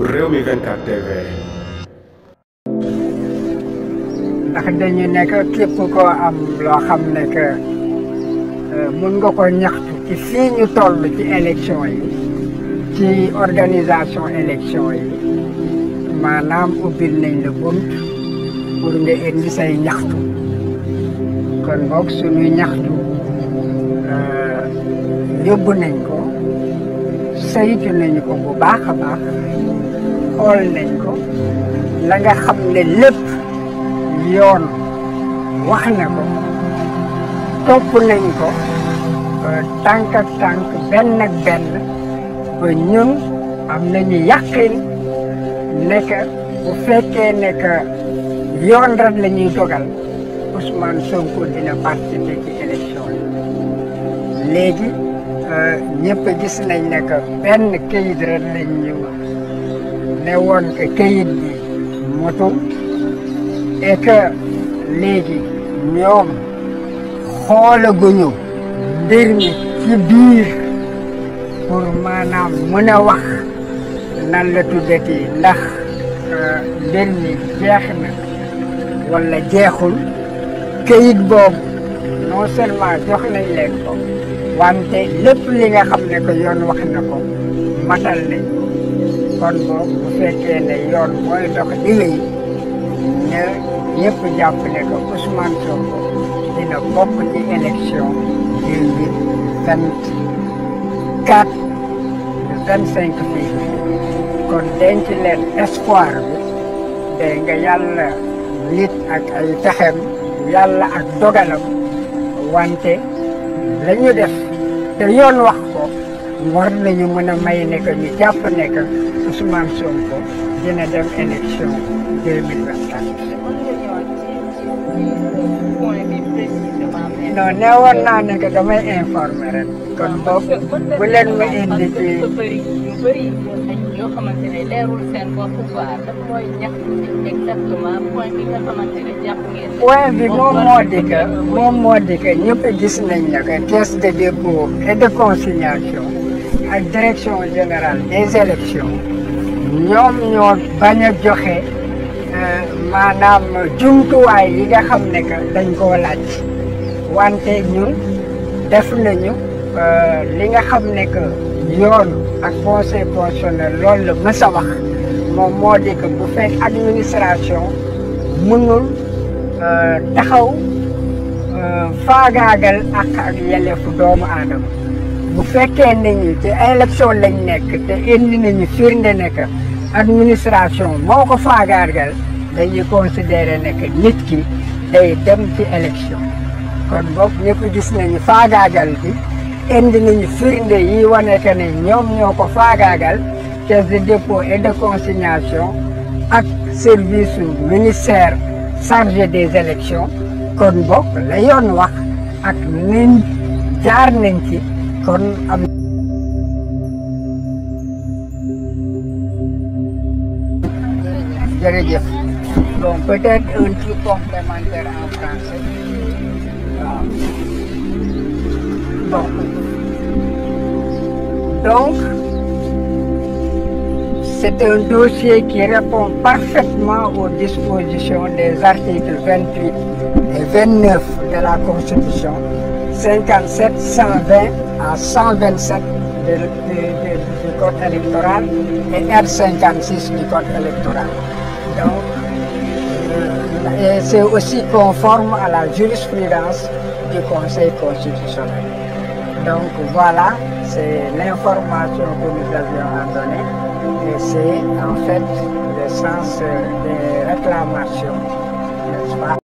Rewmi 24 TV. ndax dañu nekk képp koo am loo xam ne que euh, mun nga ko ñaxtu ci fii ñu toll ci élection yi ci organisation élection yi maanaam ubbil nañ la bunt pour nga indi say ñaxtu kon boog suñuy ñaxtu euh, yóbbu nañ ko saytu nañu ko bu baax a xool la nga xam ne lépp yoon wax na ko topp ko tànk ak tànk benn benn ba ñun am nañu yàqin nekk bu fekkee nekk yoon rek la ñuy dogal Ousmane Sonko dina participer ci élection yi léegi euh, ñëpp gis nañ ne que benn këyit rek lañ ñu ne woon këyit bi motul et léegi ñoom xoolaguñu mbir mi ci biir pour maanaam mën a wax nan la tuddati ndax euh, mbir mi jeex na wala jeexul këyit boobu non seulement jox nañ leen ko wante lépp li nga xam ne ko yoon wax na ko matal nañ kon moom bu fekkee ne yoon mooy dox di wéy ne ñëpp jàpp ne que Ousmane Sonko dina bokk ci élection deux mille vingt quatre le cinq février kon denc leen espoir bi day nga yàlla nit ak ay pexem yàlla ak dogalam wante la def te wax war nañu mën a may ne ñu jàpp ne que Ousmane Sonko dina dem élection 2024. non ne woon naa ne que damay informer rek kon boog bu leen ma indi ci. yoo bi moom moo di moom moo di que ñëpp gis nañ ne que caisse de dépôt et de ak direction générale des élections ñoom ñoo bañ a joxe euh, maanaam jumtuwaay yi nga xam ne que dañ koo laaj wante ñun def nañu euh, li nga xam ne que yoon ak conseil constitutionnel loolu la mës moom moo di que bu fekk administration mënul euh, taxaw faagaagal ak ak yelleefu doomu aadama bu fekkee ne ñu ci élection lañ nekk te indi nañu firnde nekk que administration moo ko faagaagal dañuy considérer ne que nit ki day dem ci élection kon boog ñëpp gis nañu faagaagal bi indi nañu firnde yi wane que ne ñoom ñoo ko faagaagal caisse de dépôt et de consignation ak service ministère chargé des élections kon boog la yoon wax ak nin jaar nañ ci bon peut-être un truc complémentaire en français donc c'est un dossier qui répond parfaitement aux dispositions des articles 28 et 29 de la Constitution 57 120 à 127 du, code électoral et R56 du code électoral. Donc, euh, c'est aussi conforme à la jurisprudence du Conseil constitutionnel. Donc voilà, c'est l'information que nous avions à donner et c'est en fait le sens euh, des réclamations.